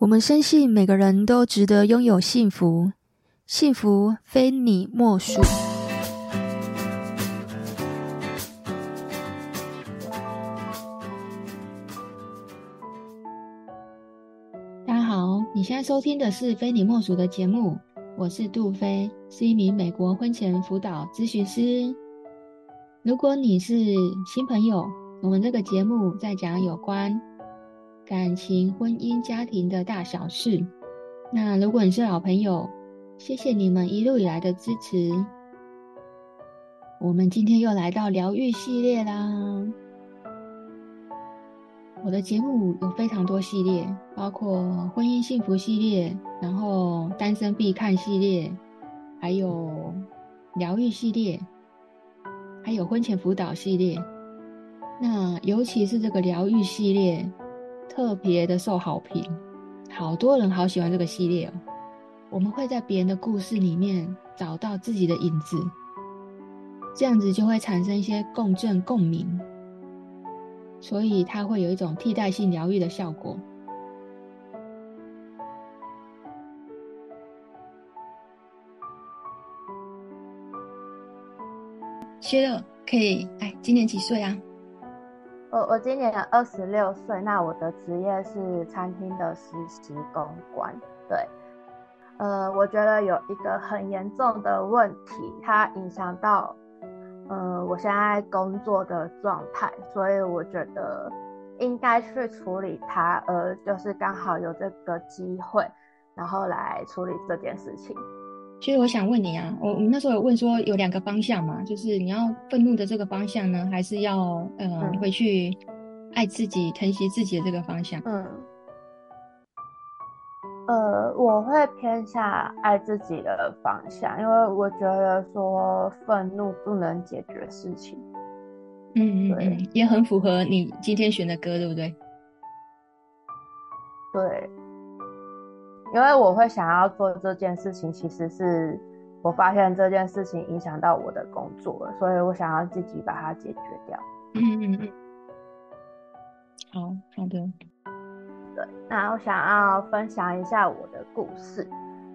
我們相信每個人都值得擁有幸福，幸福非你莫屬。大家好，你現在收聽的是《菲妳莫屬》的節目，我是杜飛，是一名美國婚前輔導諮詢師。如果你是新朋友，我們這個節目在講有關，感情、婚姻、家庭的大小事。那如果你是老朋友，謝謝你們一路以來的支持。我們今天又來到療癒系列啦。我的節目有非常多系列，包括婚姻幸福系列，然後單身必看系列，還有療癒系列，還有婚前輔導系列。那尤其是這個療癒系列，特別的受好評，好多人好喜歡這個系列哦。我們會在別人的故事裡面找到自己的影子，這樣子就會產生一些共振共鳴，所以它會有一種替代性療癒的效果。薛樂，可以，哎，今年幾歲啊？我我今年二十六歲，那我的職業是餐廳的實習公關。對，呃，我覺得有一個很嚴重的問題，它影響到，呃，我現在工作的狀態，所以我覺得應該去處理它。呃，就是剛好有這個機會，然後來處理這件事情。其實我想問你啊，我我們那時候有問說有兩個方向嘛，就是你要憤怒的這個方向呢，還是要呃回去愛自己、疼惜自己的這個方向？嗯，呃，我會偏向愛自己的方向，因為我覺得說憤怒不能解決事情。嗯嗯，嗯，對，也很符合你今天選的歌，對不對？對。因為我會想要做這件事情，其實是我發現這件事情影響到我的工作了，所以我想要自己把它解決掉。嗯好，好的。對，那我想要分享一下我的故事。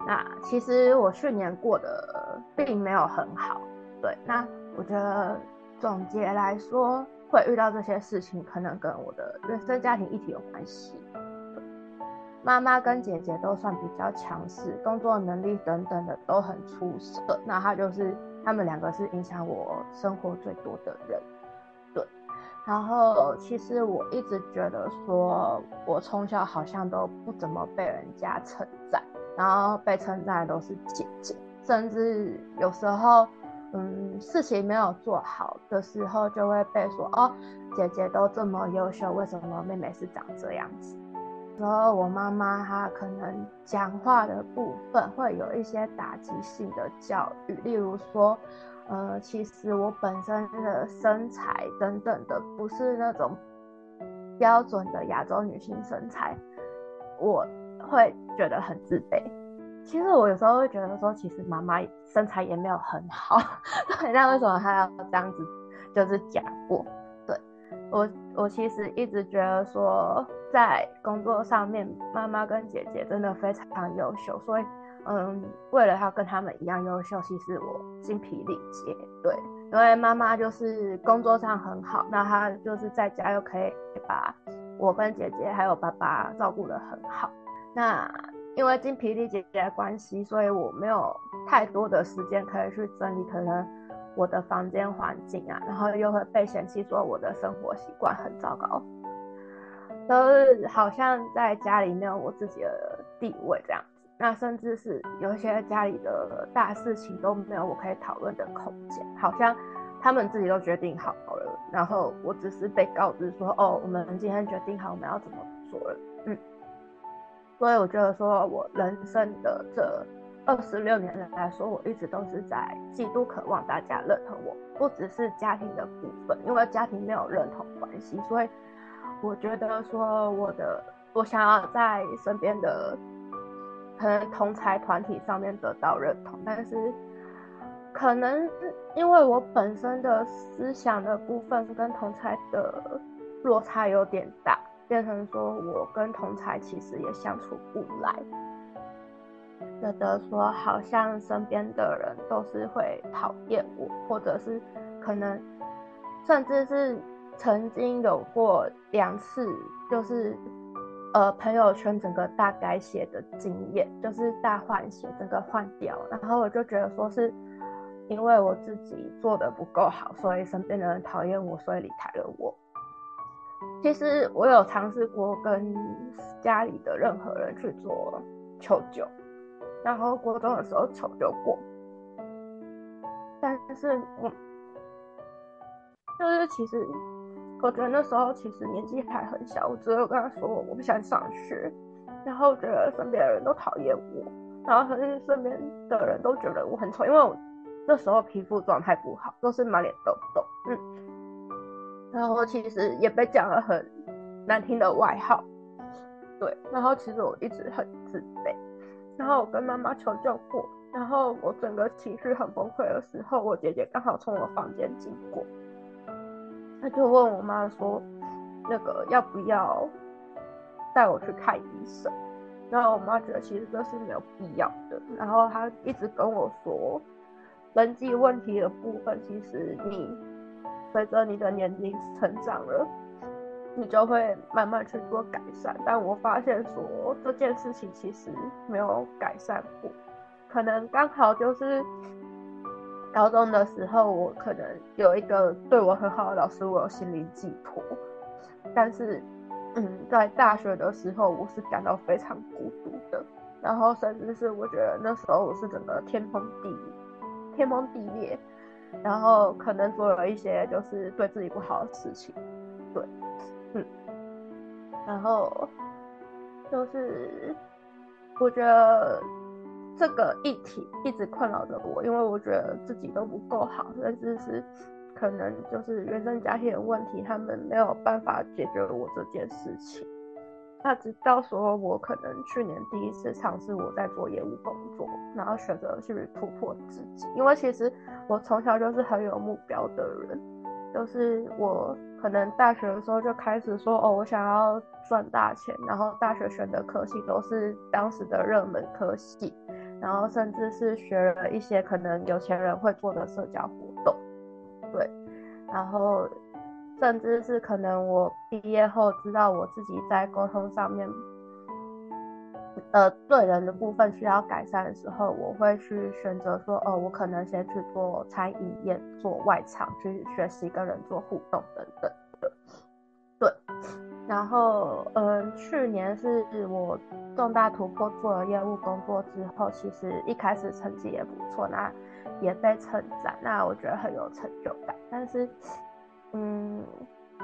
那其實我去年過得並沒有很好。對，那我覺得總結來說，會遇到這些事情，可能跟我的原生家庭議題有關係。媽媽跟姐姐都算比較強勢，工作能力等等的都很出色。那她就是他們兩個是影響我生活最多的人。對，然後其實我一直覺得說，我從小好像都不怎麼被人家稱讚，然後被稱讚的都是姐姐，甚至有時候，嗯，事情沒有做好的時候，就會被說哦，姐姐都這麼優秀，為什麼妹妹是長這樣子？時候，我媽媽她可能講話的部分會有一些打擊性的教育，例如說，呃，其實我本身的身材等等的不是那種標準的亞洲女性身材，我會覺得很自卑。其實我有時候會覺得說，其實媽媽身材也沒有很好，那 為什麼她要這樣子就是講我？對，我，我其實一直覺得說。在工作上面，媽媽跟姐姐真的非常優秀，所以，嗯，為了要跟他們一樣優秀，其實我精疲力竭。對，因為媽媽就是工作上很好，那她就是在家又可以把我跟姐姐還有爸爸照顧得很好。那因為精疲力竭的關係，所以我沒有太多的時間可以去整理，可能我的房間環境啊，然後又會被嫌棄說我的生活習慣很糟糕。都是好像在家裡沒有我自己的地位這樣子，那甚至是有些家裡的大事情都沒有我可以討論的空間，好像他們自己都決定好了，然後我只是被告知說，哦，我們今天決定好我們要怎麼做了，嗯。所以我覺得說我人生的這二十六年來說，我一直都是在極度渴望大家認同我，不只是家庭的部分，因為家庭沒有認同關係，所以。我覺得說我的，我想要在身邊的可能同儕團體上面得到認同，但是可能因為我本身的思想的部分是跟同儕的落差有點大，變成說我跟同儕其實也相處不來，覺得說好像身邊的人都是會討厭我，或者是可能甚至是。曾經有過兩次，就是呃朋友圈整個大改寫的經驗，就是大換血，整個換掉。然後我就覺得說，是因為我自己做的不夠好，所以身邊的人討厭我，所以離開了我。其實我有嘗試過跟家裡的任何人去做求救，然後國中的時候求救過，但是嗯，就是其實。我覺得那時候其實年紀還很小，我只有跟他說我不想上學，然後覺得身邊的人都討厭我，然後可是身邊的人都覺得我很醜，因為我那時候皮膚狀態不好，都是滿臉痘痘，嗯，然後其實也被講了很難聽的外號，對，然後其實我一直很自卑，然後我跟媽媽求救過，然後我整個情緒很崩潰的時候，我姐姐剛好從我房間經過。他就問我媽說，那個要不要帶我去看醫生？然後我媽覺得其實這是沒有必要的。然後他一直跟我說，人際問題的部分，其實你隨着你的年齡成長了，你就會慢慢去做改善。但我發現說這件事情其實沒有改善過，可能剛好就是。高中的時候，我可能有一個對我很好的老師，我有心靈寄託。但是，嗯，在大學的時候，我是感到非常孤獨的。然後，甚至是我覺得那時候我是整個天崩地裂，天崩地裂。然後，可能做了一些就是對自己不好的事情。對，嗯，然後就是我覺得。這個議題一直困擾着我，因為我覺得自己都不夠好，甚至是，是可能就是原生家庭的問題，他們沒有辦法解決我這件事情。那直到說我可能去年第一次嘗試我在做業務工作，然後選擇去突破自己，因為其實我從小就是很有目標的人，就是我可能大學的時候就開始說哦，我想要賺大錢，然後大學選的科系都是當時的熱門科系。然後甚至是學了一些可能有錢人會做的社交活動，對，然後甚至是可能我畢業後知道我自己在溝通上面，呃，對人的部分需要改善的時候，我會去選擇說，哦，我可能先去做餐飲業，做外場，去學習跟人做互動等等的。然後，嗯，去年是我重大突破，做了業務工作之後，其實一開始成績也不錯，那也被稱讚，那我覺得很有成就感。但是，嗯，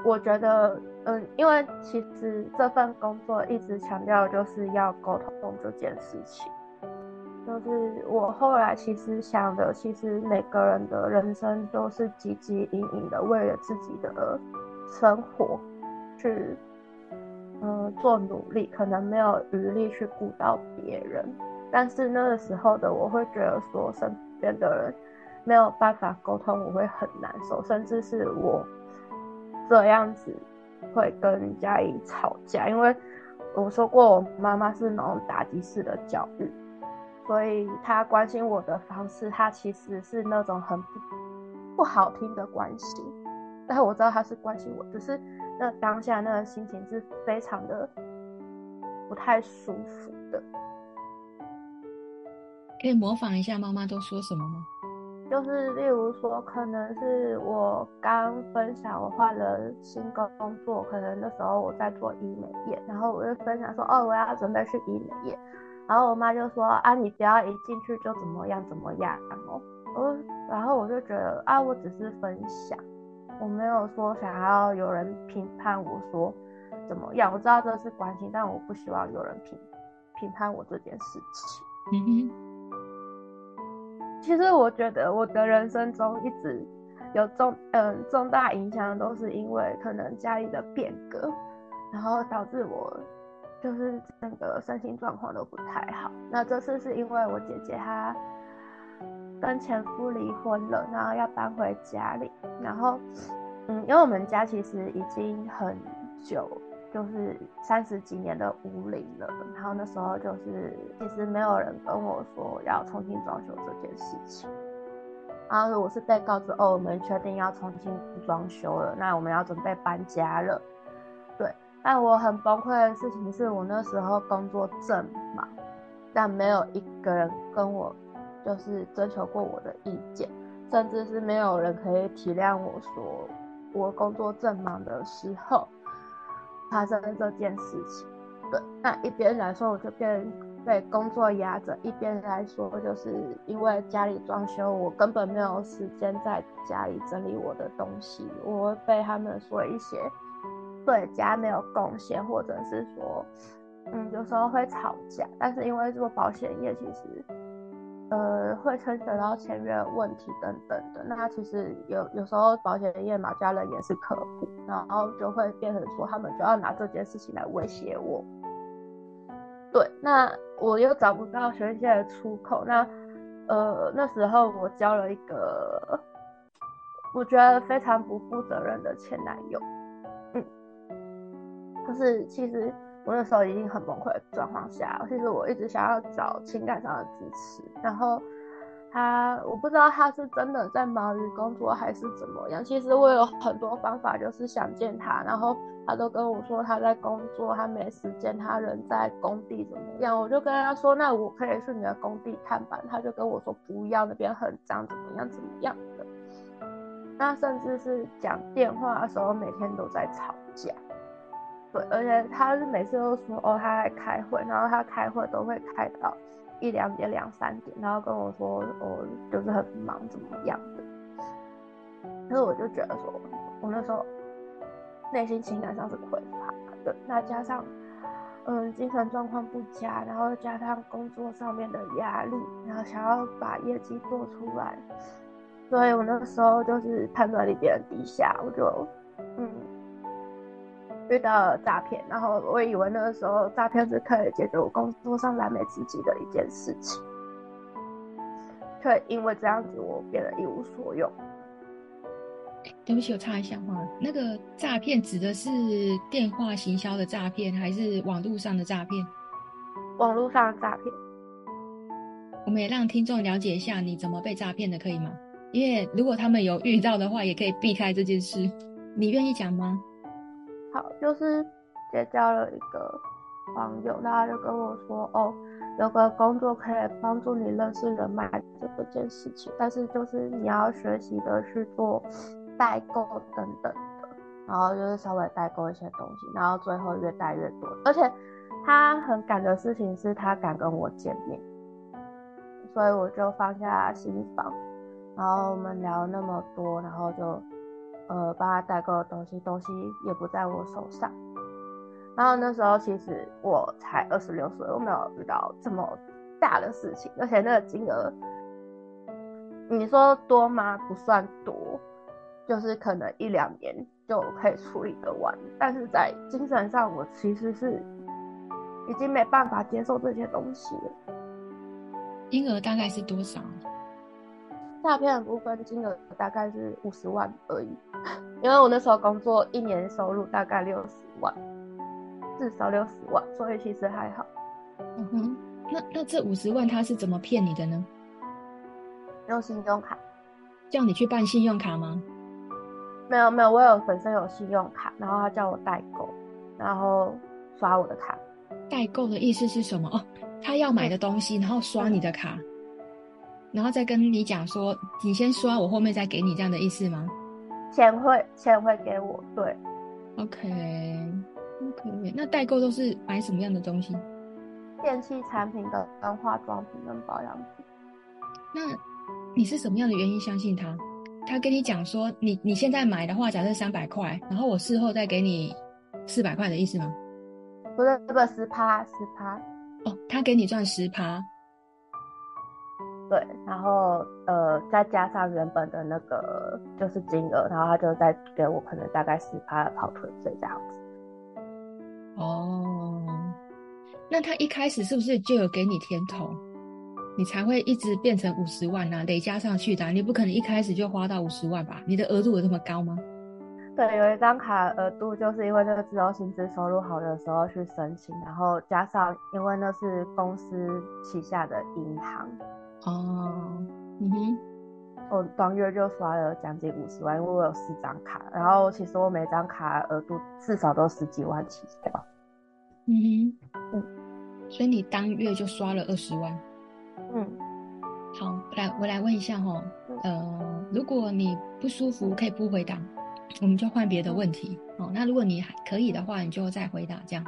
我覺得，嗯，因為其實這份工作一直強調就是要溝通這件事情，就是我後來其實想的，其實每個人的人生都是汲汲營營的，為了自己的生活去。嗯，做努力可能沒有餘力去顧到別人，但是那個時候的我會覺得說身邊的人沒有辦法溝通，我會很難受，甚至是我這樣子會跟家裡吵架，因為我說過我媽媽是那種打擊式的教育，所以她關心我的方式，她其實是那種很不好聽的關係。但是我知道她是關心我，只是。那當下那個心情是非常的不太舒服的，可以模仿一下媽媽都說什麼嗎？就是例如說，可能是我剛分享我換了新工作，可能那時候我在做醫美業，然後我就分享說，哦，我要準備去醫美業，然後我媽就說，啊，你不要一進去就怎麼樣怎麼樣，然後，然後我，然後我就覺得，啊，我只是分享。我沒有說想要有人評判我說怎麼樣，我知道這是關心，但我不希望有人評評判我這件事情。嗯嗯。其實我覺得我的人生中一直有重嗯、呃、重大影響，都是因為可能家裡的變革，然後導致我就是那個身心狀況都不太好。那這次是因為我姐姐她。跟前夫離婚了，然後要搬回家裡，然後，嗯，因為我們家其實已經很久，就是三十幾年的屋齡了，然後那時候就是其實沒有人跟我說要重新裝修這件事情，然後我是被告知哦，我們確定要重新裝修了，那我們要準備搬家了，對，但我很崩潰的事情是我那時候工作正忙，但沒有一個人跟我。就是徵求過我的意見，甚至是沒有人可以體諒我說我工作正忙的時候發生這件事情。對，那一邊來說我就變被，被工作壓着，一邊來說就是因為家裡裝修我。我根本沒有時間在家裡整理我的東西。我會被他們說一些對家沒有貢獻，或者是說嗯，有時候會吵架，但是因為做保險業，其實。呃，會牽扯到簽約問題等等的。那其實有有時候保險業嘛，家人也是客戶，然後就會變成說他們就要拿這件事情來威脅我。對，那我又找不到宣洩的出口。那呃，那時候我交了一個我覺得非常不負責任的前男友。嗯，可是其實。我那時候已經很崩潰的狀況下，其實我一直想要找情感上的支持，然後他，我不知道他是真的在忙於工作還是怎麼樣。其實我有很多方法，就是想見他，然後他都跟我說他在工作，他沒時間，他人在工地怎麼樣。我就跟他說，那我可以去你的工地探班，他就跟我說不要，那邊很髒，怎麼樣怎麼樣的。那甚至是講電話的時候，每天都在吵架。對，而且他是每次都說哦，他在開會，然後他開會都會開到一兩點、兩三點，然後跟我說哦，就是很忙怎麼樣的。所以我就覺得說，我那時候內心情感上是匱乏的，那加上嗯精神狀況不佳，然後加上工作上面的壓力，然後想要把業績做出來，所以我那個時候就是判斷力比較低下，我就嗯。遇到詐騙，然後我以為那個時候詐騙是可以解決我工作上燃眉之急的一件事情，對，因為這樣子我變得一無所有。對不起，我插一下話。那個詐騙指的是電話行銷的詐騙，還是網絡上的詐騙？網絡上的詐騙。我們也讓聽眾了解一下你怎麼被詐騙的，可以嗎？因為如果他們有遇到的話，也可以避開這件事。你願意講嗎？好，就是結交了一個網友，然後就跟我說，哦，有個工作可以幫助你認識人脈這個件事情，但是就是你要學習的去做代購等等的，然後就是稍微代購一些東西，然後最後越帶越多。而且他很敢的事情是他敢跟我見面，所以我就放下心防，然後我們聊那麼多，然後就。呃，幫他代購的東西，東西也不在我手上。然後那時候其實我才二十六歲，我沒有遇到這麼大的事情，而且那個金額，你說多嗎？不算多，就是可能一兩年就可以處理得完。但是在精神上，我其實是已經沒辦法接受這些東西了。金額大概是多少？詐騙的部分金額大概是五十萬而已，因為我那時候工作一年收入大概六十萬，至少六十萬，所以其實還好。嗯哼，那那這五十萬他是怎麼騙你的呢？用信用卡，叫你去辦信用卡嗎？沒有沒有，我有本身有信用卡，然後他叫我代購，然後刷我的卡。代購的意思是什麼？哦，他要買的東西，然後刷你的卡。嗯嗯.然後再跟你講說，你先刷我後面再給你這樣的意思嗎？錢會錢會給我，對。OK。可以。那代購都是買什麼樣的東西？電器產品跟化妝品跟保養品。那你是什麼樣的原因相信他？他跟你講說你，你你現在買的話，假設三百塊，然後我事後再給你四百塊的意思嗎？不是，這個十趴十趴。哦，oh, 他給你賺十趴。對，然後呃，再加上原本的那個就是金額，然後他就再給我可能大概十趴的跑腿費這樣子。哦，那他一開始是不是就有給你甜頭，你才會一直變成五十萬呢、啊？得加上去的、啊，你不可能一開始就花到五十萬吧？你的額度有這麼高嗎？對，有一張卡額度就是因為這個自由薪資收入好的時候去申請，然後加上因為那是公司旗下的銀行。哦，嗯哼，我當月就刷了將近五十萬，因為我有四張卡，然後其實我每張卡額度至少都十幾萬起，對吧？嗯哼，mm -hmm. 嗯，所以你當月就刷了二十萬。嗯，好，來，我來問一下哈，哦、嗯，呃，如果你不舒服可以不回答，我們就換別的問題。哦，那如果你還可以的話，你就再回答這樣。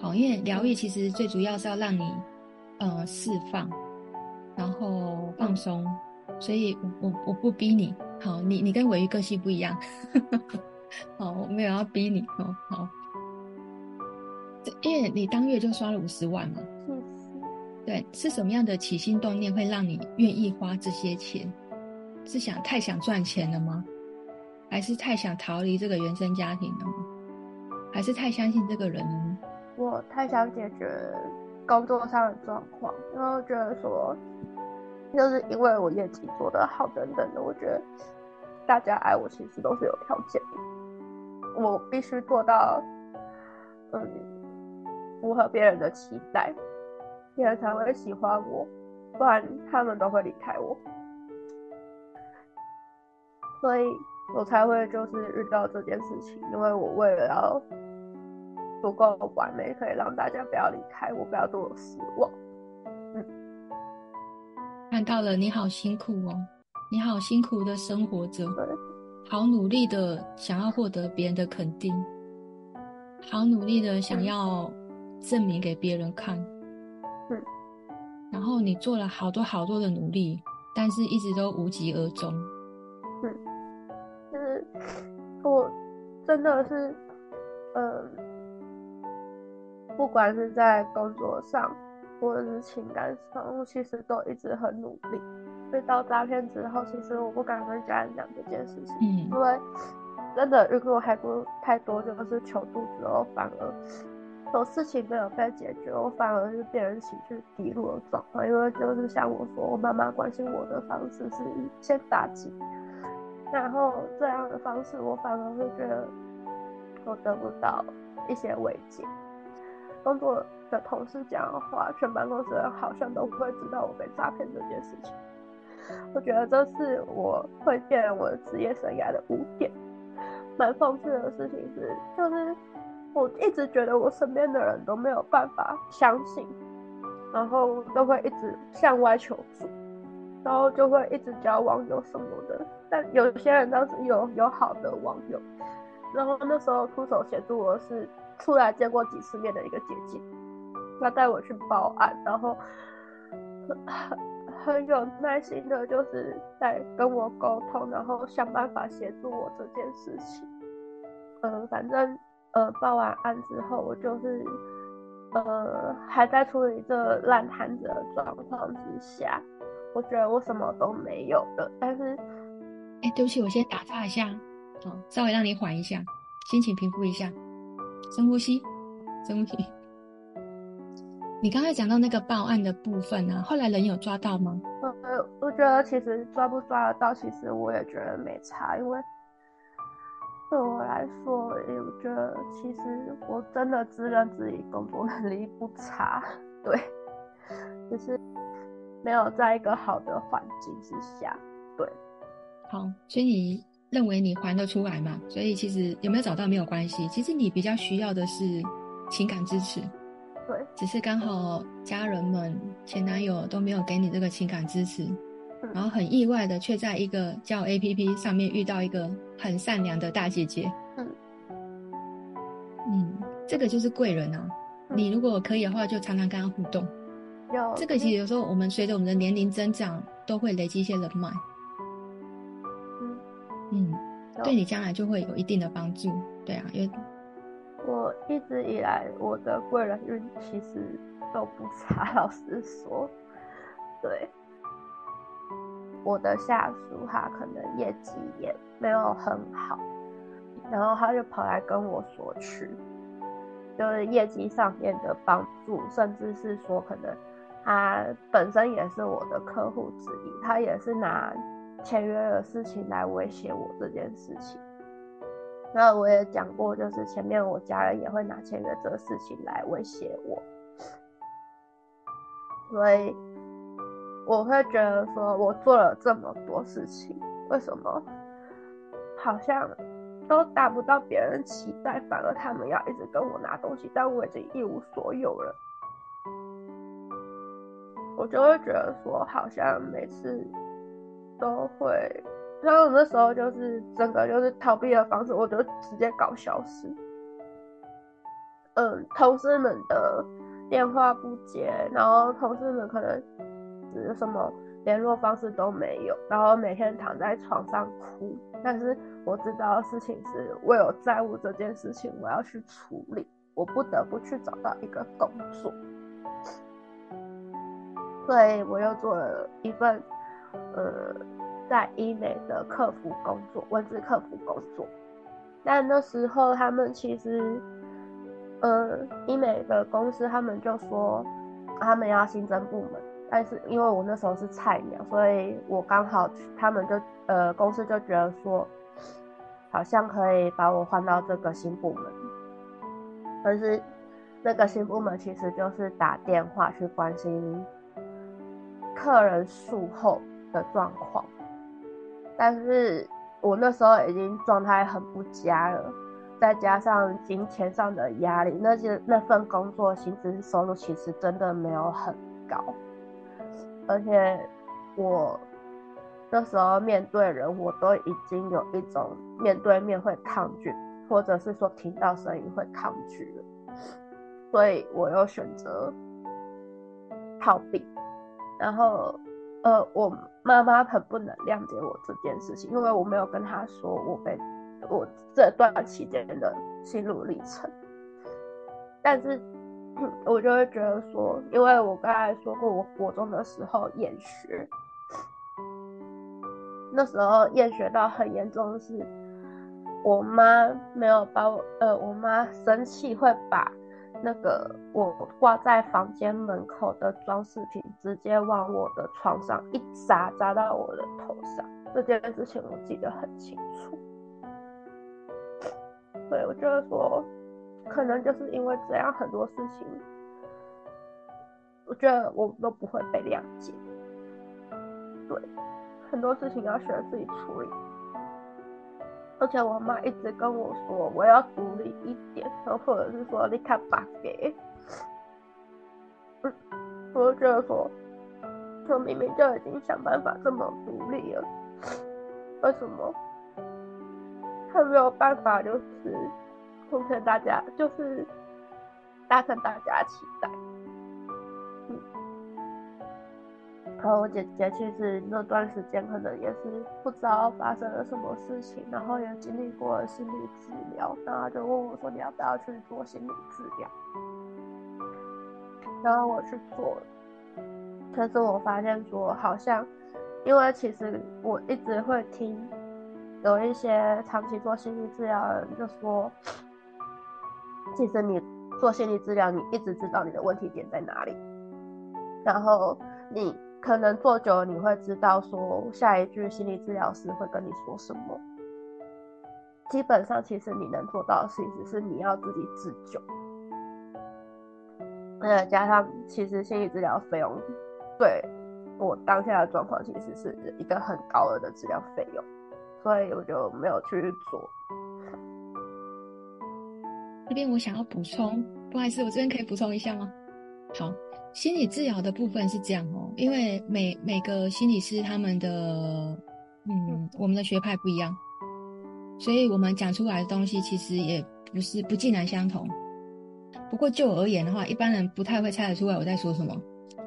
好，因為療癒其實最主要是要讓你，呃，釋放。然後放鬆、嗯，所以我我，我不逼你。好，你你跟唯一個性不一樣。 好，我沒有要逼你哦。好，因為、欸、你當月就刷了五十萬嘛。五、嗯、對，是什麼樣的起心動念會讓你願意花這些錢？是想太想賺錢了嗎？還是太想逃離這個原生家庭了嗎？還是太相信這個人了嗎？我太想解決工作上的狀況，因為我覺得說。就是因為我業績做得好，等等的，我覺得大家愛我其實都是有條件的，我必須做到，嗯，符合別人的期待，別人才會喜歡我，不然他們都會離開我，所以我才會就是遇到這件事情，因為我為了要足夠完美，可以讓大家不要離開我，不要對我失望。看到了，你好辛苦哦，你好辛苦的生活着，好努力的想要獲得別人的肯定，好努力的想要證明給別人看，嗯，然後你做了好多好多的努力，但是一直都無疾而終，嗯，就是我真的是，呃，不管是在工作上。或者是情感上，其實都一直很努力。被到詐騙之後，其實我不敢跟家人講這件事情，嗯、因為真的如果還不太多，就是求助之後，反而，有事情沒有被解決，我反而就變成情緒低落的狀況。因為就是像我說，我媽媽關心我的方式是先打擊，然後這樣的方式，我反而會覺得我得不到一些慰藉，工作，的同事講的話，全辦公室好像都不會知道我被詐騙這件事情。我覺得這是我會變成我的職業生涯的污點，蠻諷刺的事情是，就是我一直覺得我身邊的人都沒有辦法相信，然後都會一直向外求助，然後就會一直交網友什麼的。但有些人當時有有好的網友，然後那時候出手協助我是出來見過幾次面的一個姐姐。他帶我去報案，然後很很很有耐心的，就是在跟我溝通，然後想辦法協助我這件事情。呃，反正呃，報完案之後，我就是呃，還在處理這爛攤子的狀況之下，我覺得我什麼都沒有了。但是，哎、欸，對不起，我先打岔一下，嗯、哦，稍微讓你緩一下，心情平復一下，深呼吸，深呼吸。你剛才講到那個報案的部分呢、啊？後來人有抓到嗎？呃、嗯，我覺得其實抓不抓得到，其實我也覺得沒差，因為對我來說，我覺得其實我真的自認自己工作能力不差，對，就是沒有在一個好的環境之下，對。好，所以你認為你還得出來嗎？所以其實有沒有找到沒有關係，其實你比較需要的是情感支持。只是剛好家人們、前男友都沒有給你這個情感支持，嗯、然後很意外的卻在一個叫 APP 上面遇到一個很善良的大姐姐。嗯嗯，這個就是貴人啊。嗯、你如果可以的話，就常常跟他互動。有這個其實有時候我們隨着我們的年齡增長，都會累積一些人脈。嗯、嗯，對你將來就會有一定的幫助。對啊，因為。我一直以來，我的貴人運其實都不差，老實說。對，我的下屬他可能業績也沒有很好，然後他就跑來跟我索取，就是業績上面的幫助，甚至是說可能他本身也是我的客戶之一，他也是拿簽約的事情來威脅我這件事情。那我也講過，就是前面我家人也會拿簽約這個事情來威脅我，所以我會覺得說，我做了這麼多事情，為什麼好像都達不到別人期待，反而他們要一直跟我拿東西，但我已經一無所有了，我就會覺得說，好像每次都會。然後那時候就是整個就是逃避的方式，我就直接搞消失。嗯，同事們的電話不接，然後同事們可能是什麼聯絡方式都沒有，然後每天躺在床上哭。但是我知道的事情是我有債務這件事情，我要去處理，我不得不去找到一個工作。所以我又做了一份，呃、嗯。在醫美的客服工作，文字客服工作。但那時候他們其實，呃，醫美的公司他們就說他們要新增部門，但是因為我那時候是菜鳥，所以我剛好他們就呃，公司就覺得說好像可以把我換到這個新部門，可是那個新部門其實就是打電話去關心客人術後的狀況。但是我那時候已經狀態很不佳了，再加上金錢上的壓力，那些那份工作薪資收入其實真的沒有很高，而且我那時候面對人我都已經有一種面對面會抗拒，或者是說聽到聲音會抗拒了，所以我又選擇逃避，然後。呃，我媽媽很不能諒解我這件事情，因為我沒有跟她說我被我這段期間的心路歷程。但是，我就會覺得說，因為我剛才說過，我國中的時候厭學，那時候厭學到很嚴重的是，是我媽沒有把我，呃，我媽生氣會把。那個我掛在房間門口的裝飾品，直接往我的床上一砸，砸到我的頭上。這件事情我記得很清楚。對，我覺得說，可能就是因為這樣很多事情，我覺得我都不會被諒解。對，很多事情要學自己處理。而且我媽一直跟我說，我要獨立一點，然後或者是說你看爸給，或者是說，就明明就已經想辦法這麼獨立了，為什麼他沒有辦法就是完成大家，就是達成大家期待？然後我姐姐其實那段時間可能也是不知道發生了什麼事情，然後也經歷過心理治療，然後就問我說：“你要不要去做心理治療？”然後我去做，但是我發現說好像，因為其實我一直會聽有一些長期做心理治療的人就說：“其實你做心理治療，你一直知道你的問題點在哪裡，然後你。”可能做久了，你會知道說下一句心理治療師會跟你說什麼。基本上，其實你能做到的事情只是你要自己自救。再加上，其實心理治療費用對我當下的狀況，其實是一個很高額的治療費用，所以我就沒有去做。這邊我想要補充，不好意思，我這邊可以補充一下嗎？好。心理治療的部分是這樣哦，因為每每個心理師他們的，嗯，我們的學派不一樣，所以我們講出來的東西其實也不是不盡然相同。不過就我而言的話，一般人不太會猜得出來我在說什麼。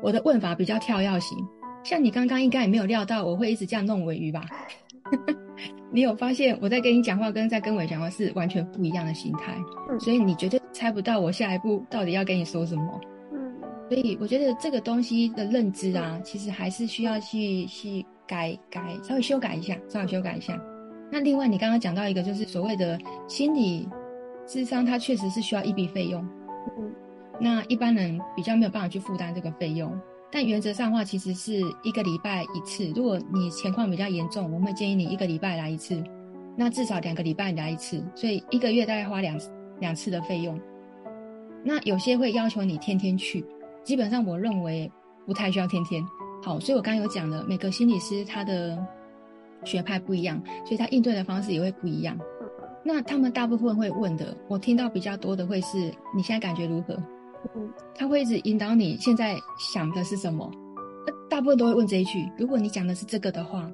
我的問法比較跳躍型，像你剛剛應該也沒有料到我會一直這樣弄尾魚吧？ 你有發現我在跟你講話跟在跟我講話是完全不一樣的心態，所以你絕對猜不到我下一步到底要跟你說什麼。所以我覺得這個東西的認知啊，其實還是需要去去改改，稍微修改一下，稍微修改一下。那另外，你剛剛講到一個，就是所謂的心理諮商，它確實是需要一筆費用。嗯。那一般人比較沒有辦法去負擔這個費用，但原則上的話，其實是一個禮拜一次。如果你情況比較嚴重，我們會建議你一個禮拜來一次，那至少兩個禮拜來一次。所以一個月大概花兩兩次的費用。那有些會要求你天天去。基本上，我認為不太需要天天，好，所以我剛剛有講了，每個心理師他的學派不一樣，所以他應對的方式也會不一樣。那他們大部分會問的，我聽到比較多的會是：你現在感覺如何？他會一直引導你現在想的是什麼。大部分都會問這一句。如果你講的是這個的話，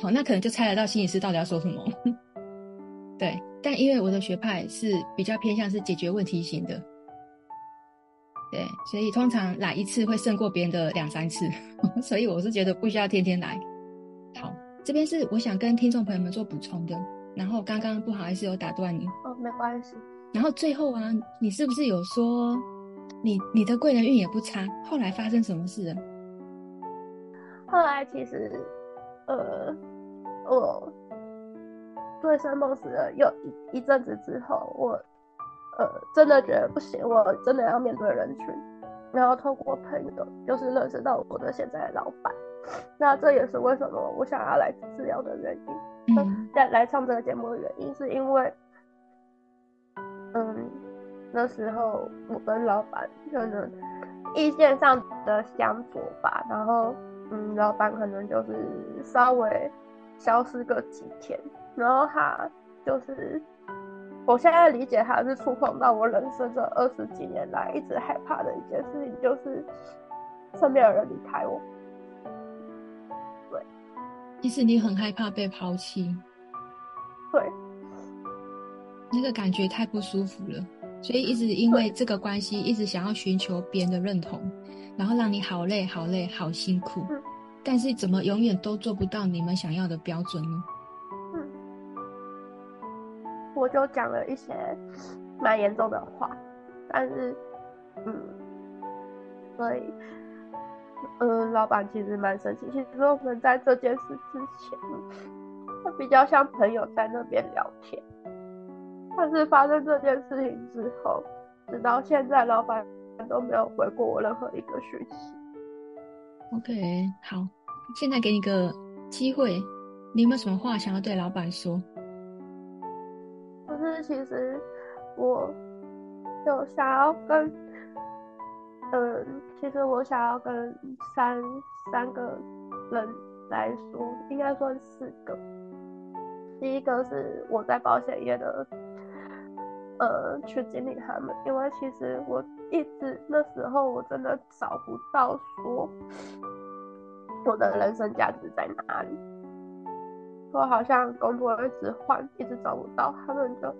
好，那可能就猜得到心理師到底要說什麼。對，但因為我的學派是比較偏向是解決問題型的。對，所以通常來一次會勝過別人的兩三次， 所以我是覺得不需要天天來。好，這邊是我想跟聽眾朋友們做補充的，然後剛剛不好意思有打斷你。哦，沒關係。然後最後啊，你是不是有說你，你你的貴人運也不差？後來發生什麼事了？後來其實，呃，我醉生夢死了又一,一陣子之後，我。呃，真的覺得不行，我真的要面對人群，然後透過朋友，就是認識到我的現在的老板，那這也是為什麼我想要來治療的原因，嗯，再來上這個節目的原因是因為，嗯，那時候我跟老板可能意見上的相左吧，然後嗯，老板可能就是稍微消失個幾天，然後他就是。我現在理解，他是觸碰到我人生這二十幾年來一直害怕的一件事情，就是身邊有人離開我。對，其實你很害怕被拋棄。對，那個感覺太不舒服了，所以一直因為這個關係，一直想要尋求別人的認同，然後讓你好累、好累、好辛苦。嗯。但是怎麼永遠都做不到你們想要的標準呢？我就講了一些蠻嚴重的話，但是，嗯，所以，呃，老闆其實蠻生氣。其實我們在這件事之前呢，他比較像朋友在那邊聊天，但是發生這件事情之後，直到現在，老闆都沒有回過我任何一個訊息。OK，好，現在給你個機會，你有沒有什麼話想要對老闆說？其實，我就想要跟，嗯、呃，其實我想要跟三三個，人來說，應該算四個。第一個是我在保險業的，呃，去經歷他們，因為其實我一直那時候我真的找不到說，我的人生價值在哪裡。我好像工作一直換，一直找不到，他們就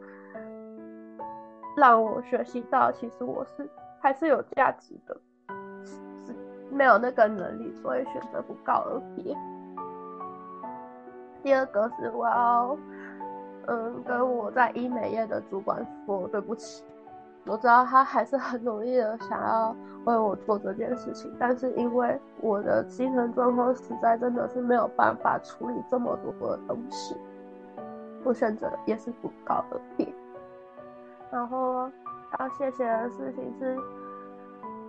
讓我學習到，其實我是還是有價值的是，是沒有那個能力，所以選擇不告而別。第二個是我要，嗯，跟我在醫美業的主管說對不起。我知道他還是很努力的想要為我做這件事情，但是因為我的精神狀況實在真的是沒有辦法處理這麼多的東西，我選擇也是不告而別。然後要謝謝的事情是，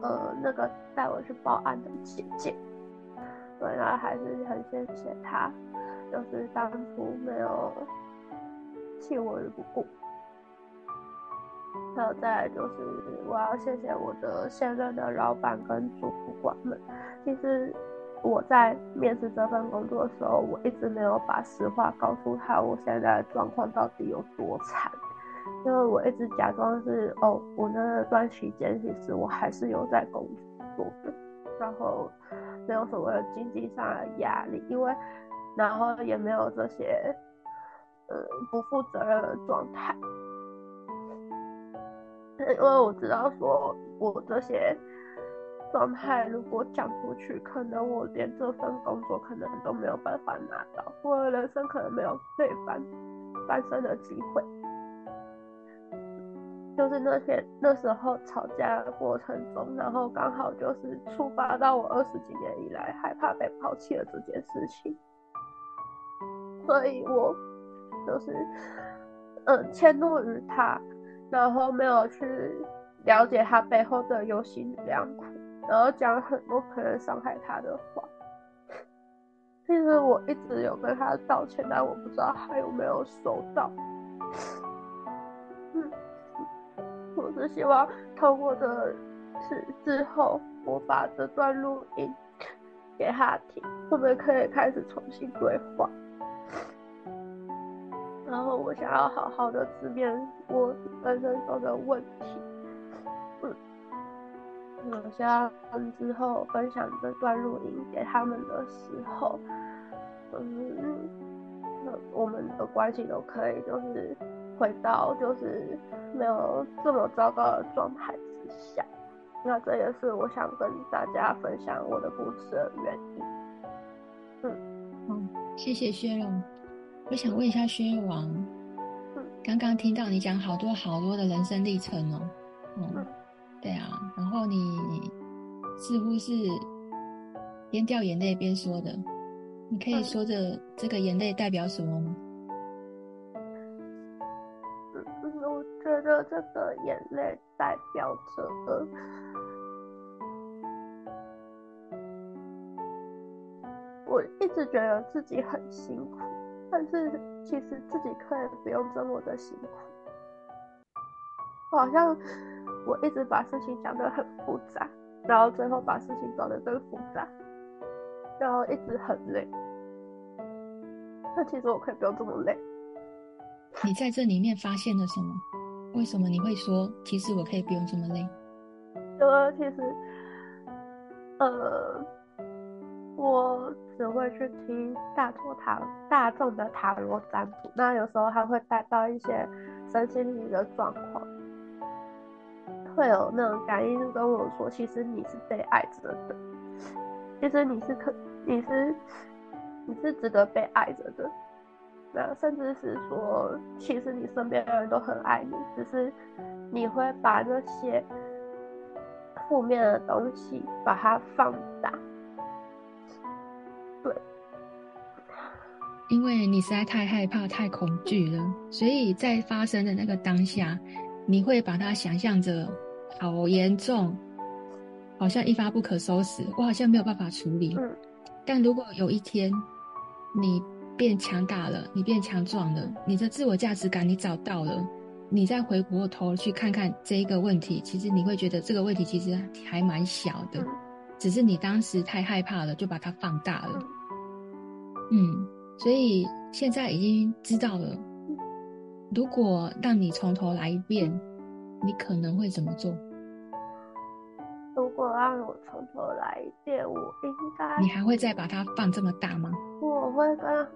呃，那個帶我去報案的姐姐，所以呢還是很謝謝他，就是當初沒有棄我於不顧。還有，再來就是我要謝謝我的現任的老闆跟主管們。其實我在面試這份工作的時候，我一直沒有把實話告訴他，我現在的狀況到底有多慘。因為我一直假裝是哦，我那段時間其實我還是有在工作的，然後沒有所謂的經濟上的壓力，因為然後也沒有這些呃不負責任的狀態。因為我知道，說我這些狀態如果講出去，可能我連這份工作可能都沒有辦法拿到，我人生可能沒有最翻翻身的機會。就是那天那時候吵架的過程中，然後剛好就是觸發到我二十幾年以來害怕被拋棄的這件事情，所以我就是嗯、呃、遷怒於他。然後沒有去了解他背後的用心良苦，然後講很多可能傷害他的話。其實我一直有跟他道歉，但我不知道還有沒有收到。嗯，我是希望透過這次之後，我把這段錄音給他聽，我們可以開始重新對話。然後我想要好好的直面我人生中的問題。嗯，等、嗯、下之後分享這段錄音給他們的時候，嗯，那我們的關係都可以就是回到就是沒有這麼糟糕的狀態之下。那這也是我想跟大家分享我的故事的原因。嗯，嗯謝謝薛龍。我想問一下薛王，剛剛聽到你講好多好多的人生歷程哦、喔，嗯，對啊，然後你似乎是邊掉眼淚邊說的，你可以說着這個眼淚代表什麼嗎？我覺得這個眼淚代表着，我一直覺得自己很辛苦。但是其實自己可以不用這麼的辛苦。好像我一直把事情講得很複雜，然後最後把事情搞得更複雜，然後一直很累。但其實我可以不用這麼累。你在這裡面發現了什麼？為什麼你會說其實我可以不用這麼累？呃，其實，呃，我。只會去聽大眾塔、大眾的塔羅占卜，那有時候他會帶到一些身心靈的狀況，會有那種感應跟我說：“其實你是被愛着的，其實你是可，你是你是值得被愛着的。”那甚至是說，其實你身邊的人都很愛你，只是你會把那些負面的東西把它放大。對，因為你實在太害怕、太恐懼了，所以在發生的那個當下，你會把它想象着好嚴重，好像一發不可收拾，我好像沒有辦法處理。嗯，但如果有一天你變強大了，你變強壯了，你的自我價值感你找到了，你再回過頭去看看這一個問題，其實你會覺得這個問題其實還蠻小的，只是你當時太害怕了，就把它放大了。嗯，所以現在已經知道了。如果讓你從頭來一遍，你可能會怎麼做？如果讓我從頭來一遍，我應該……你還會再把它放這麼大嗎？我會跟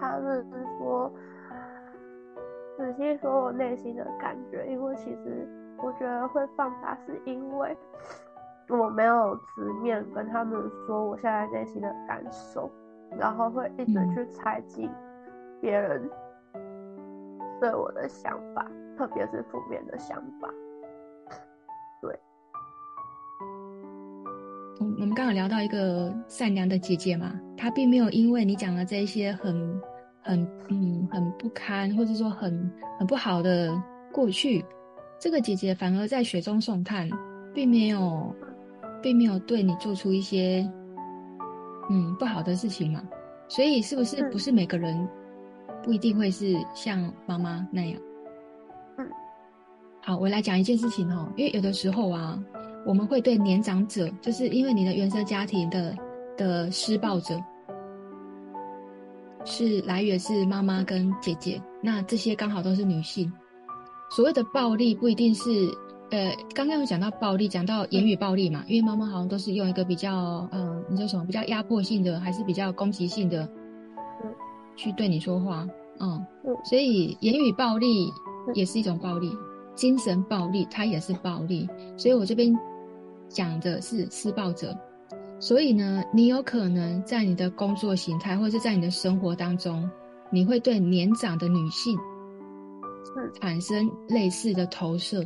他們說，仔細說，我內心的感覺，因為其實我覺得會放大，是因為我沒有直面跟他們說我現在內心的感受。然後會一直去猜忌別人對我的想法，嗯、特別是負面的想法。對。我、嗯、我們剛剛聊到一個善良的姐姐嘛，她並沒有因為你講了這一些很很、嗯、很不堪，或者說很很不好的過去，這個姐姐反而在雪中送炭，並沒有，並沒有對你做出一些。嗯，不好的事情嘛，所以是不是不是每個人不一定會是像媽媽那樣？嗯，好，我來講一件事情哦，因為有的時候啊，我們會對年長者，就是因為你的原生家庭的的施暴者是來源是媽媽跟姐姐，那這些剛好都是女性，所謂的暴力不一定是。呃，剛剛有講到暴力，講到言語暴力嘛，因為媽媽好像都是用一個比較，嗯，你說什麼，比較壓迫性的，還是比較攻擊性的，去對你說話，嗯，所以言語暴力也是一種暴力，精神暴力它也是暴力，所以我這邊講的是施暴者，所以呢，你有可能在你的工作形態，或者是在你的生活當中，你會對年長的女性產生類似的投射。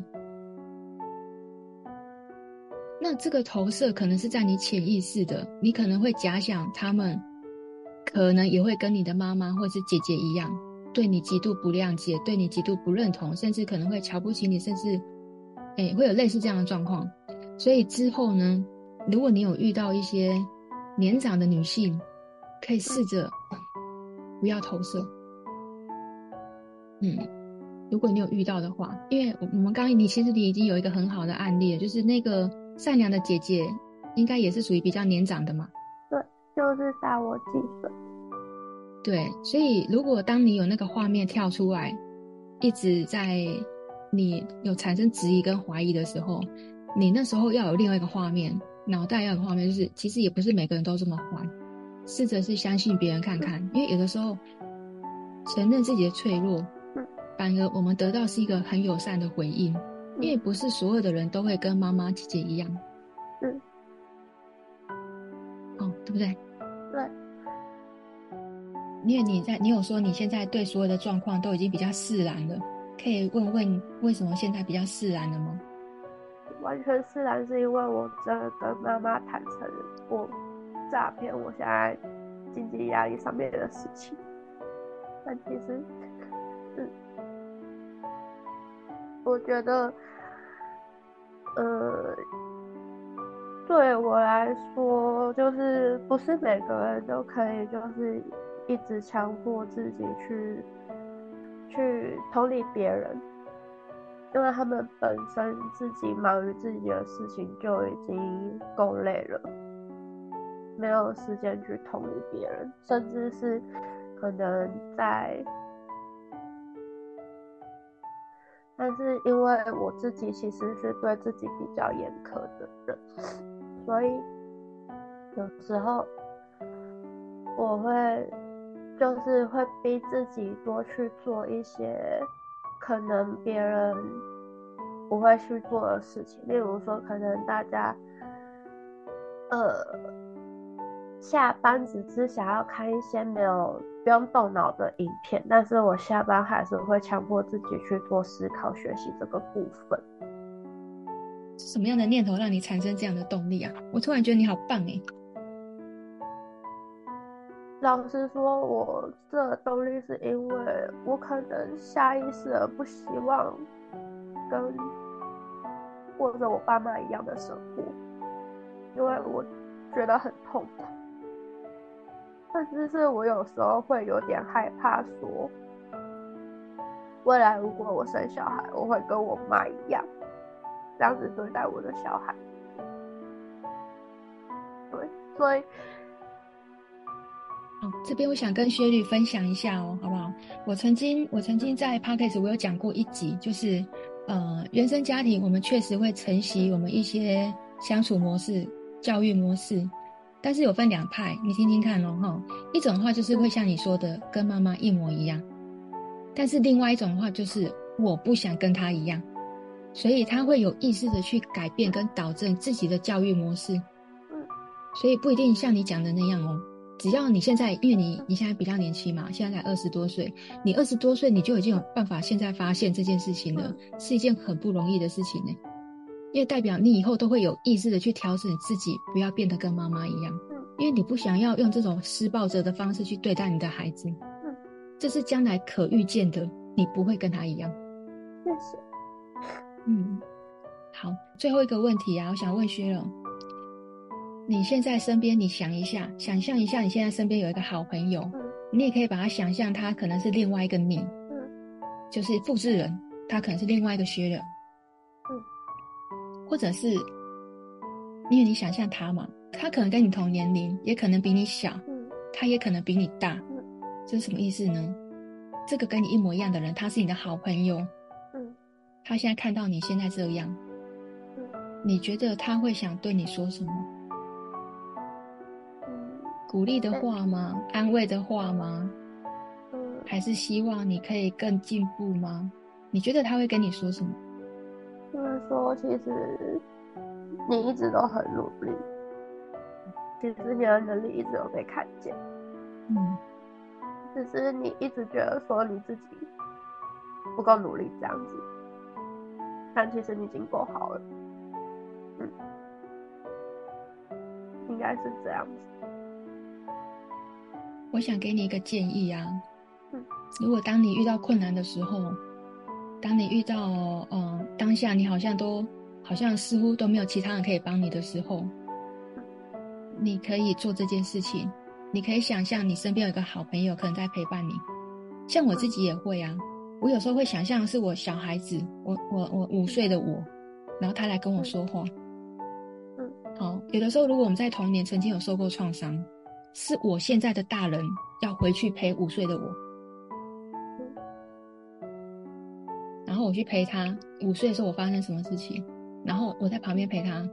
那這個投射可能是在你潛意識的，你可能會假想他們，可能也會跟你的媽媽或者是姐姐一樣，對你極度不諒解，對你極度不認同，甚至可能會瞧不起你，甚至、欸，會有類似這樣的狀況。所以之後呢，如果你有遇到一些年長的女性，可以試着不要投射。嗯，如果你有遇到的話，因為我們剛剛你其實你已經有一個很好的案例，就是那個。善良的姐姐應該也是屬於比較年長的嘛？對，就是大我幾歲。對，所以如果當你有那個畫面跳出來，一直在你有產生質疑跟懷疑的時候，你那時候要有另外一個畫面，腦袋要有畫面，就是其實也不是每個人都這麼壞，試着去相信別人看看。嗯，因為有的時候承認自己的脆弱，反而我們得到是一個很友善的回應。因為不是所有的人都會跟媽媽姐姐一樣，嗯，哦，對不對？對。因為你在，你有說你現在對所有的狀況都已經比較釋然了，可以問問為什麼現在比較釋然了嗎？完全釋然是因為我真的跟媽媽坦誠我詐騙我現在經濟壓力上面的事情，但其實，嗯。我覺得，呃，對我來說，就是不是每個人都可以，就是一直強迫自己去，去同理別人，因為他們本身自己忙於自己的事情就已經夠累了，沒有時間去同理別人，甚至是可能在。但是因為我自己其實是對自己比較嚴苛的人，所以有時候我會就是會逼自己多去做一些可能別人不會去做的事情。例如說，可能大家呃下班只是想要看一些沒有。不用動腦的影片，但是我下班還是會強迫自己去做思考、學習這個部分。是什麼樣的念頭讓你產生這樣的動力啊？我突然覺得你好棒哎、欸！老實說，我這動力是因為我可能下意識而不希望跟過着我爸媽一樣的生活，因為我覺得很痛苦。但是，是我有時候會有點害怕，說未來如果我生小孩，我會跟我媽一樣，這樣子對待我的小孩。對，所以，嗯、哦，這邊我想跟薛律分享一下哦，好不好？我曾經，我曾經在 podcast 我有講過一集，就是，呃，原生家庭，我們確實會承襲我們一些相處模式、教育模式。但是有分兩派，你聽聽看嘍，哈。一種的話就是會像你說的，跟媽媽一模一樣；但是另外一種的話就是，我不想跟他一樣，所以他會有意識的去改變跟矯正自己的教育模式。所以不一定像你講的那樣哦。只要你現在，因為你你現在比較年輕嘛，現在才二十多歲，你二十多歲你就已經有辦法現在發現這件事情了，是一件很不容易的事情呢。因為代表你以後都會有意識的去調整自己，不要變得跟媽媽一樣。嗯。因為你不想要用這種施暴者的方式去對待你的孩子。嗯、這是將來可預見的，你不會跟他一樣。謝謝。嗯，好，最後一個問題啊，我想問薛了。你現在身邊，你想一下，想象一下，你現在身邊有一個好朋友，嗯、你也可以把他想象，他可能是另外一個你、嗯。就是複製人，他可能是另外一個薛了。或者是因為你想象他嘛，他可能跟你同年齡，也可能比你小，他也可能比你大，這是什麼意思呢？這個跟你一模一樣的人，他是你的好朋友，他現在看到你現在這樣，你覺得他會想對你說什麼？鼓勵的話嗎？安慰的話嗎？還是希望你可以更進步嗎？你覺得他會跟你說什麼？就是說，其實你一直都很努力，其實你的能力一直都被看見，嗯，只是你一直覺得說你自己不夠努力這樣子，但其實你已經夠好了，嗯，應該是這樣子。我想給你一個建議啊，嗯，如果當你遇到困難的時候。當你遇到嗯，當下你好像都好像似乎都沒有其他人可以幫你的時候，你可以做這件事情。你可以想象你身邊有一個好朋友可能在陪伴你，像我自己也會啊。我有時候會想象的是我小孩子，我我我五歲的我，然後他來跟我說話。嗯，好。有的時候如果我們在童年曾經有受過創傷，是我現在的大人要回去陪五歲的我。我去陪他。五歲的時候，我發生什麼事情？然後我在旁邊陪他，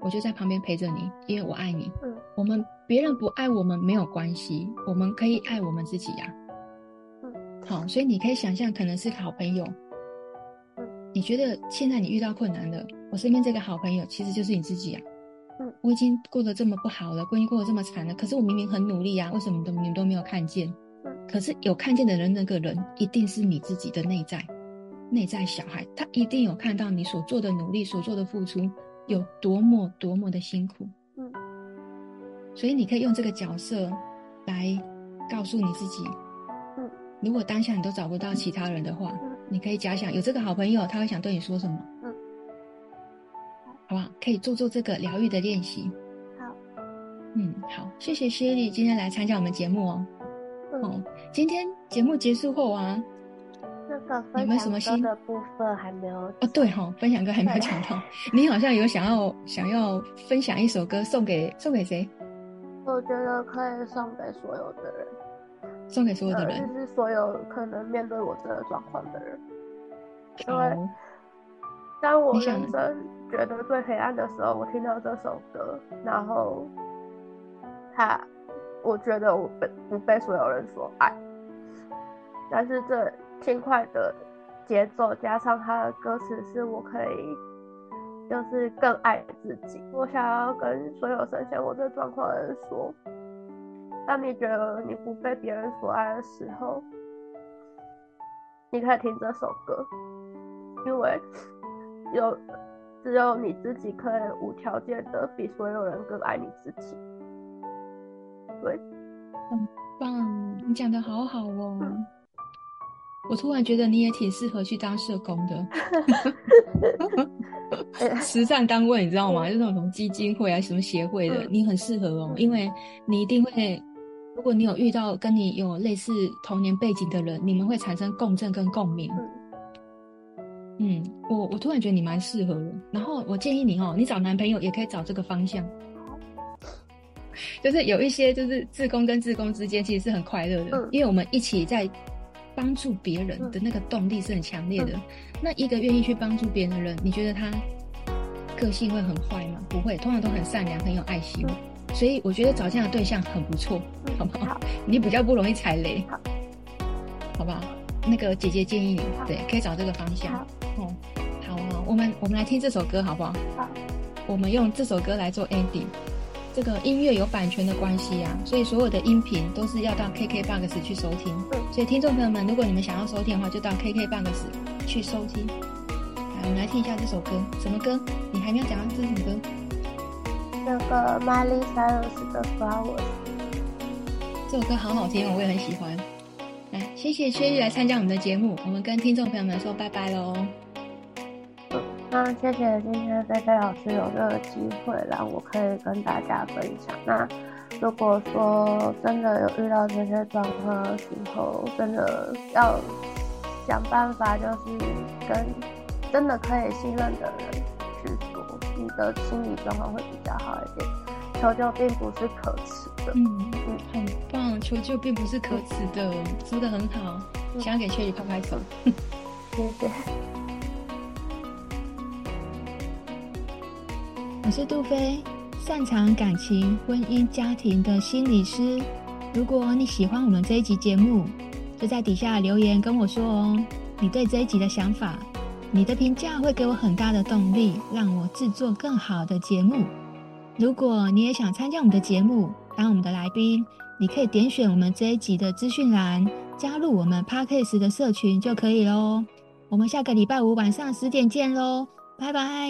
我就在旁邊陪着你，因為我愛你。我們別人不愛我們沒有關係，我們可以愛我們自己呀。好，所以你可以想象，可能是個好朋友。你覺得現在你遇到困難了？我身邊這個好朋友其實就是你自己啊。我已經過得這麼不好了，婚姻過得這麼慘了，可是我明明很努力呀，為什麼都你們都沒有看見？可是有看見的人，那個人一定是你自己的內在。內在小孩，他一定有看到你所做的努力、所做的付出有多麼多麼的辛苦。嗯，所以你可以用這個角色來告訴你自己。嗯，如果當下你都找不到其他人的話，嗯，你可以假想有這個好朋友，他會想對你說什麼？嗯，好，好吧，可以做做這個療癒的練習。好，嗯，好，謝謝 Sherry 今天來參加我們節目哦。嗯，哦，今天節目結束後啊。這、那個你們什麼新的部分還沒有哦，對哈、哦，分享歌還沒有講到。你好像有想要想要分享一首歌送，送給送給誰？我覺得可以送給所有的人，送給所有的人，就是所有可能面對我這個狀況的人。Oh. 因為當我人生覺得最黑暗的時候，我聽到這首歌，然後他，我覺得我被不被所有人所愛，但是這。輕快的節奏加上它的歌詞，是我可以就是更愛自己。我想要跟所有身陷我這狀況的人說：當你覺得你不被別人所愛的時候，你可以聽這首歌，因為有只有你自己可以無條件的比所有人更愛你自己。對，很棒，你講得好好哦。嗯我突然覺得你也挺適合去當社工的，慈 善單位你知道嗎？嗯、就那種什麼基金會啊、什麼協會的，嗯、你很適合哦，因為你一定會，如果你有遇到跟你有類似童年背景的人，你們會產生共振跟共鳴、嗯。嗯，我我突然覺得你蠻適合的，然後我建議你哦，你找男朋友也可以找這個方向。就是有一些就是志工跟志工之間其實是很快樂的、嗯，因為我們一起在。幫助別人的那個動力是很強烈的、嗯。那一個願意去幫助別人的人，你覺得他個性會很壞嗎？不會，通常都很善良，很有愛心。嗯、所以我覺得找這樣的對象很不錯，嗯、好不好？好？你比較不容易踩雷好，好不好？那個姐姐建議你，對，可以找這個方向。好，嗯、好、啊，我們我們來聽這首歌，好不好？好，我們用這首歌來做 ending。這個音樂有版權的關係啊，所以所有的音頻都是要到 KKBOX 去收聽、嗯。所以聽眾朋友們，如果你們想要收聽的話，就到 KKBOX 去收聽。來，我們來聽一下這首歌，什麼歌？你還沒有講到、啊、這是什麼歌？那個 Miley Cyrus 的 Flowers。這首歌好好聽、嗯，我也很喜歡。來，謝謝薛玉來參加我們的節目，我們跟聽眾朋友們說拜拜嘍。那謝謝今天菲菲老師有這個機會，讓我可以跟大家分享。那如果說真的有遇到這些狀況的時候，真的要想辦法，就是跟真的可以信任的人去說，你的心理狀況會比較好一點。求救並不是可恥的。嗯。嗯，很棒，求救並不是可恥的，說、嗯、的很好。嗯、想要給雀宇拍拍手。謝謝。我是杜菲，擅長感情、婚姻、家庭的心理師。如果你喜歡我們這一集節目，就在底下留言跟我說哦，你對這一集的想法，你的評價會給我很大的動力，讓我制作更好的節目。如果你也想參加我們的節目，當我們的來賓，你可以點選我們這一集的資訊欄，加入我們 Podcast 的社群就可以嘍、哦。我們下個禮拜五晚上十點見嘍，拜拜。